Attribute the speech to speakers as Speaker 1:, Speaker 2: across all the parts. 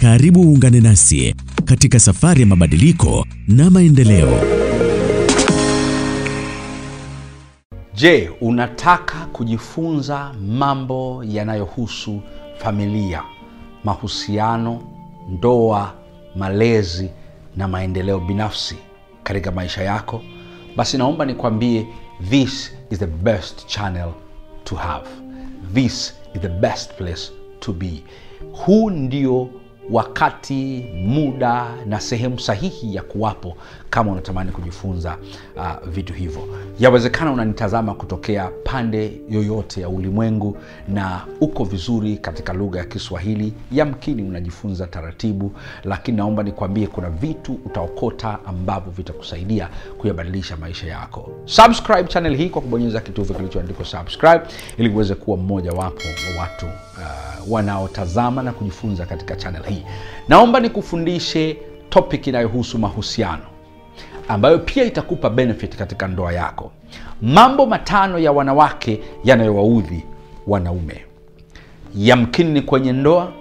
Speaker 1: Karibu uungane nasi katika safari ya mabadiliko na maendeleo.
Speaker 2: Je, unataka kujifunza mambo yanayohusu familia, mahusiano, ndoa, malezi na maendeleo binafsi katika maisha yako? Basi naomba nikwambie, this is the best channel to have. This is the best place to be. Huu ndio wakati, muda na sehemu sahihi ya kuwapo kama unatamani kujifunza uh, vitu hivyo. Yawezekana unanitazama kutokea pande yoyote ya ulimwengu na uko vizuri katika lugha ya Kiswahili, yamkini unajifunza taratibu, lakini naomba nikwambie kuna vitu utaokota ambavyo vitakusaidia kuyabadilisha maisha yako. Subscribe channel hii kwa kubonyeza kitufe kilichoandikwa subscribe ili uweze kuwa mmoja wapo wa watu uh, wanaotazama na kujifunza katika channel hii hii naomba nikufundishe topic inayohusu mahusiano ambayo pia itakupa benefit katika ndoa yako mambo matano ya wanawake yanayowaudhi wanaume yamkini ni kwenye ndoa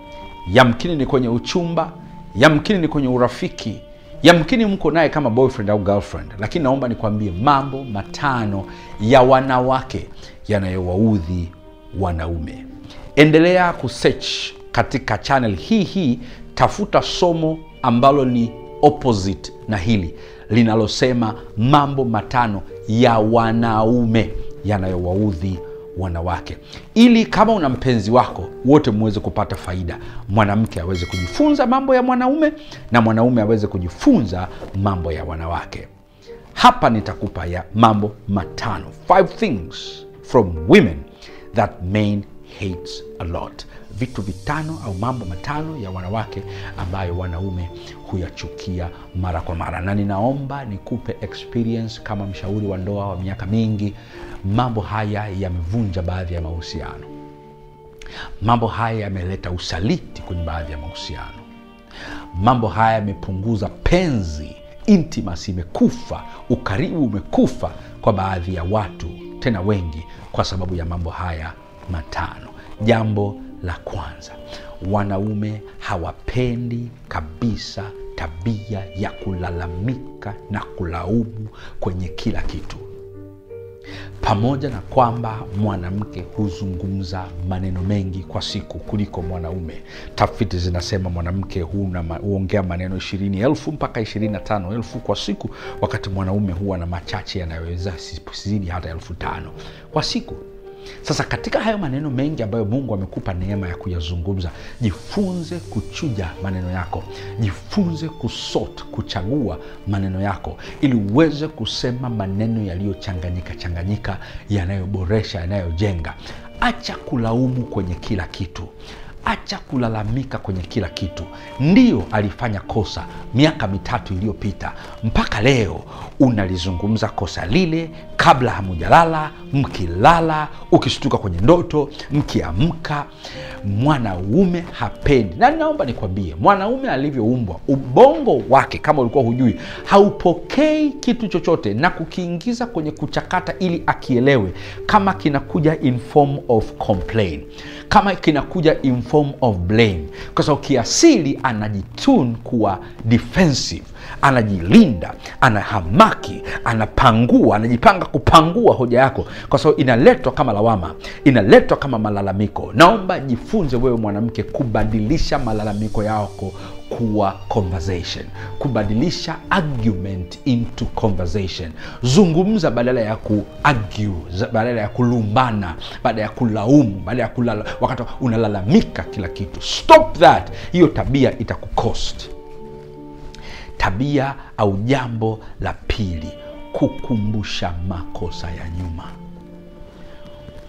Speaker 2: yamkini ni kwenye uchumba yamkini ni kwenye urafiki yamkini mko naye kama boyfriend au girlfriend lakini naomba nikwambie mambo matano ya wanawake yanayowaudhi wanaume endelea kusearch katika channel hii hii tafuta somo ambalo ni opposite na hili linalosema mambo matano ya wanaume yanayowaudhi wanawake, ili kama una mpenzi wako wote mweze kupata faida, mwanamke aweze kujifunza mambo ya mwanaume na mwanaume aweze kujifunza mambo ya wanawake. Hapa nitakupa ya mambo matano, five things from women that men hates a lot. Vitu vitano au mambo matano ya wanawake ambayo wanaume huyachukia mara kwa mara, na ninaomba nikupe experience kama mshauri wa ndoa wa miaka mingi. Mambo haya yamevunja baadhi ya mahusiano, mambo haya yameleta usaliti kwenye baadhi ya mahusiano, mambo haya yamepunguza penzi, intimacy imekufa, ukaribu umekufa kwa baadhi ya watu, tena wengi, kwa sababu ya mambo haya matano. Jambo la kwanza, wanaume hawapendi kabisa tabia ya kulalamika na kulaumu kwenye kila kitu. Pamoja na kwamba mwanamke huzungumza maneno mengi kwa siku kuliko mwanaume, tafiti zinasema mwanamke huongea maneno ishirini elfu mpaka ishirini na tano elfu kwa siku, wakati mwanaume huwa na machache yanayoweza sizidi hata elfu tano kwa siku. Sasa katika hayo maneno mengi ambayo Mungu amekupa neema ya kuyazungumza, jifunze kuchuja maneno yako, jifunze kusot kuchagua maneno yako, ili uweze kusema maneno yaliyochanganyika changanyika, yanayoboresha, yanayojenga. Acha kulaumu kwenye kila kitu acha kulalamika kwenye kila kitu. Ndiyo alifanya kosa miaka mitatu iliyopita, mpaka leo unalizungumza kosa lile kabla hamujalala, mkilala, ukishtuka kwenye ndoto, mkiamka. Mwanaume hapendi, na ninaomba nikwambie, mwanaume alivyoumbwa, ubongo wake, kama ulikuwa hujui, haupokei kitu chochote na kukiingiza kwenye kuchakata ili akielewe, kama kinakuja in form of kama kinakuja in form form of blame, kwa sababu kiasili anajitun kuwa defensive anajilinda, anahamaki, anapangua, anajipanga kupangua hoja yako, kwa sababu inaletwa kama lawama, inaletwa kama malalamiko. Naomba jifunze wewe mwanamke kubadilisha malalamiko yako kuwa conversation, kubadilisha argument into conversation. Zungumza badala ya ku argue, badala ya kulumbana, baada ya kulaumu, baada ya kulala, wakati unalalamika kila kitu. Stop that, hiyo tabia itakukost Tabia au jambo la pili, kukumbusha makosa ya nyuma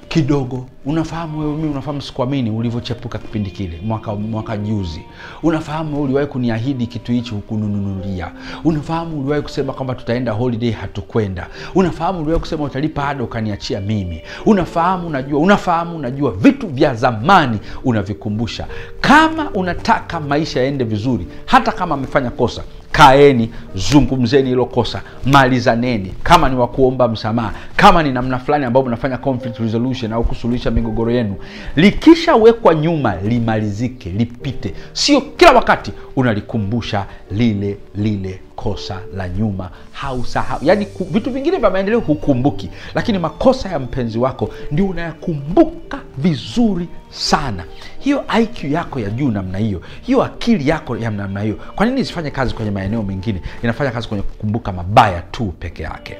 Speaker 2: kidogo. Unafahamu wewe, mimi unafahamu, sikuamini ulivyochepuka kipindi kile, mwaka mwaka juzi. Unafahamu wewe uliwahi kuniahidi kitu hichi, hukununulia. Unafahamu uliwahi kusema kwamba tutaenda holiday, hatukwenda. Unafahamu uliwahi kusema utalipa ada, ukaniachia mimi. Unafahamu unajua, unafahamu unajua, vitu vya zamani unavikumbusha. Kama unataka maisha yaende vizuri, hata kama amefanya kosa, kaeni zungumzeni hilo kosa malizaneni kama ni wakuomba msamaha kama ni namna fulani ambayo mnafanya resolution au kusuluhisha migogoro yenu likishawekwa nyuma limalizike lipite sio kila wakati unalikumbusha lile lile kosa la nyuma hausahau. Yaani vitu vingine vya maendeleo hukumbuki, lakini makosa ya mpenzi wako ndio unayakumbuka vizuri sana. Hiyo IQ yako ya juu namna hiyo, hiyo akili yako ya namna hiyo, kwa nini isifanye kazi kwenye maeneo mengine? Inafanya kazi kwenye kukumbuka mabaya tu peke yake.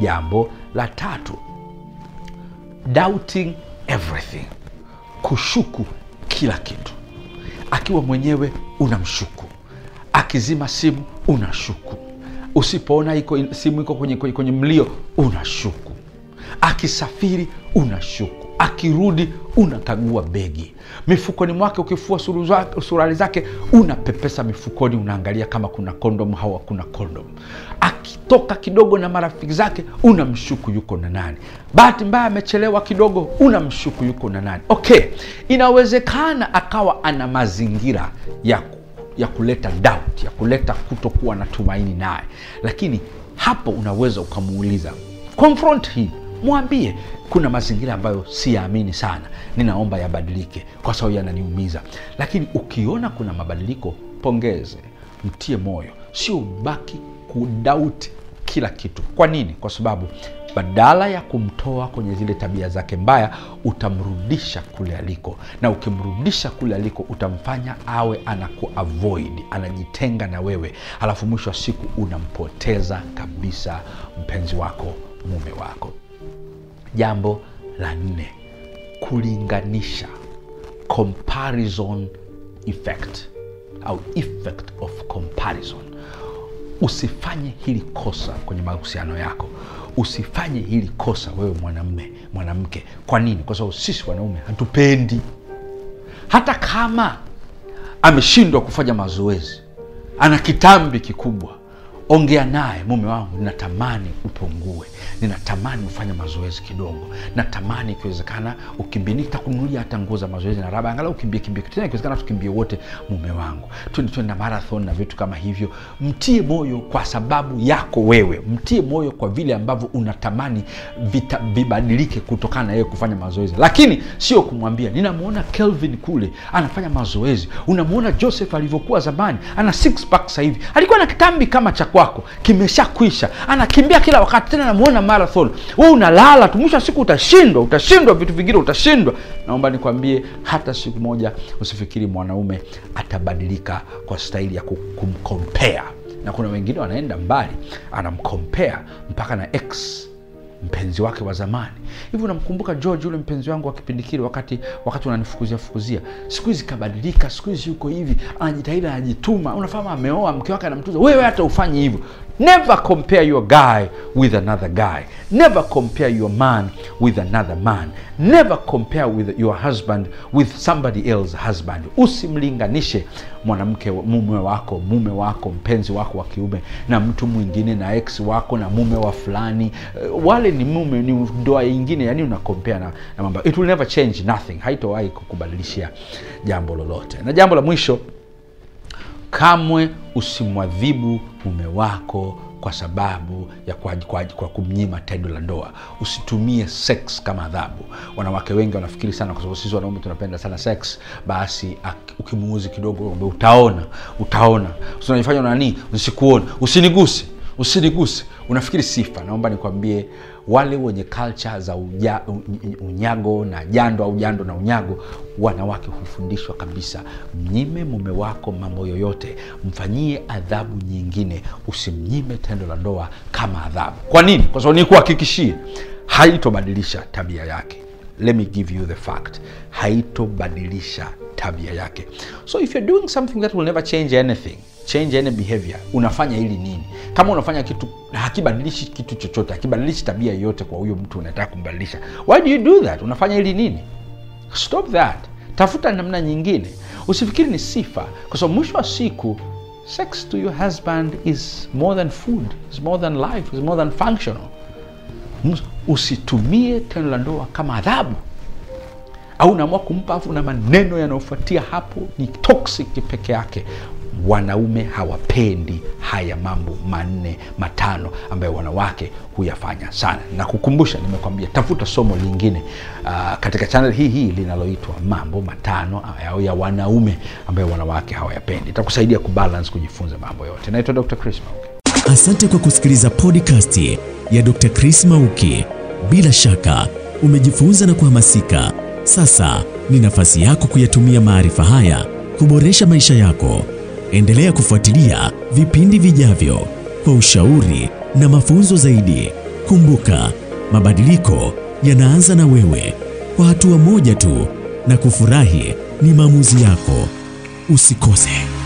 Speaker 2: Jambo la tatu, doubting everything, kushuku kila kitu. Akiwa mwenyewe unamshuku, akizima simu unashuku usipoona iko simu iko kwenye, kwenye, kwenye mlio unashuku akisafiri unashuku akirudi unakagua begi mifukoni mwake ukifua suruali zake unapepesa mifukoni unaangalia kama kuna kondom au hakuna kondom akitoka kidogo na marafiki zake unamshuku yuko na nani bahati mbaye amechelewa kidogo unamshuku yuko na nani okay inawezekana akawa ana mazingira ya ya kuleta doubt, ya kuleta kutokuwa na tumaini naye. Lakini hapo unaweza ukamuuliza, confront hii, mwambie kuna mazingira ambayo siyaamini sana, ninaomba yabadilike kwa sababu yananiumiza. Lakini ukiona kuna mabadiliko, pongeze, mtie moyo, sio ubaki kudauti kila kitu. Kwa nini? Kwa sababu badala ya kumtoa kwenye zile tabia zake mbaya, utamrudisha kule aliko, na ukimrudisha kule aliko utamfanya awe anakuavoid, anajitenga na wewe, alafu mwisho wa siku unampoteza kabisa mpenzi wako, mume wako. Jambo la nne, kulinganisha, comparison effect au effect of comparison usifanye hili kosa kwenye mahusiano yako usifanye hili kosa wewe mwanamme mwanamke kwa nini kwa sababu sisi wanaume hatupendi hata kama ameshindwa kufanya mazoezi ana kitambi kikubwa ongea naye, mume wangu, ninatamani upungue, ninatamani ufanye mazoezi kidogo, natamani ikiwezekana ukimbie, nitakunulia hata nguo za mazoezi na raba, angalau ukimbie kimbie, tena ikiwezekana tukimbie wote, mume wangu, twende twende na marathon na vitu kama hivyo. Mtie moyo kwa sababu yako wewe, mtie moyo kwa vile ambavyo unatamani vita, vibadilike kutokana na yeye kufanya mazoezi, lakini sio kumwambia. Ninamwona Kelvin kule anafanya mazoezi, unamwona Joseph alivyokuwa zamani, ana six pack hivi, alikuwa na kitambi kama chakua kwako kimeshakwisha, anakimbia kila wakati, tena namuona marathon. Wewe unalala tu, mwisho wa siku utashindwa, utashindwa, vitu vingine utashindwa. Naomba nikwambie, hata siku moja usifikiri mwanaume atabadilika kwa staili ya kumkompea, na kuna wengine wanaenda mbali, anamkompea mpaka na x mpenzi wake wa zamani hivi unamkumbuka george yule mpenzi wangu wa kipindi kile wakati wakati unanifukuzia fukuzia siku hizi kabadilika siku hizi yuko hivi anajitahidi anajituma unafahamu ameoa mke wake anamtuza wewe hata ufanyi hivyo Never compare your guy with another guy. Never compare your man with another man. Never compare with your husband with somebody else's husband. Usimlinganishe mwanamke mume wako, mume wako, mpenzi wako wa kiume na mtu mwingine, na ex wako na mume wa fulani. Eh, wale ni mume, ni ndoa nyingine, yani una compare na, na mambo. It will never change nothing. Haitowahi kukubadilishia jambo lolote. Na jambo la mwisho kamwe usimwadhibu mume wako kwa sababu ya kwa, kwa, kwa kumnyima tendo la ndoa usitumie sex kama adhabu wanawake wengi wanafikiri sana kwa sababu sisi wanaume tunapenda sana sex basi ukimuuzi kidogo utaona utaona usinanifanya nani usikuone usiniguse usiniguse unafikiri sifa naomba nikwambie wale wenye kalcha za uja, unyago na jando au jando na unyago wanawake hufundishwa kabisa mnyime mume wako mambo yoyote mfanyie adhabu nyingine usimnyime tendo la ndoa kama adhabu kwa nini kwa sababu nikuhakikishie haitobadilisha tabia yake let me give you the fact haitobadilisha tabia yake so if you're doing something that will never change anything change any behavior unafanya ili nini kama unafanya kitu hakibadilishi kitu chochote hakibadilishi tabia yoyote kwa huyo mtu unataka kumbadilisha why do you do that unafanya ili nini stop that tafuta namna nyingine usifikiri ni sifa kwa sababu mwisho wa siku sex to your husband is more than food is more than life is more than functional usitumie tendo la ndoa kama adhabu au unaamua kumpa afu na maneno yanayofuatia hapo ni toxic peke yake wanaume hawapendi haya mambo manne matano ambayo wanawake huyafanya sana na kukumbusha nimekwambia tafuta somo lingine uh, katika chanel hii hii linaloitwa mambo matano au ya wanaume ambayo wanawake hawayapendi itakusaidia kubalance kujifunza mambo yote naitwa dr chris mauki
Speaker 1: asante kwa kusikiliza podkasti ya dr chris mauki bila shaka umejifunza na kuhamasika sasa ni nafasi yako kuyatumia maarifa haya kuboresha maisha yako Endelea kufuatilia vipindi vijavyo kwa ushauri na mafunzo zaidi. Kumbuka, mabadiliko yanaanza na wewe, kwa hatua moja tu, na kufurahi ni maamuzi yako. Usikose.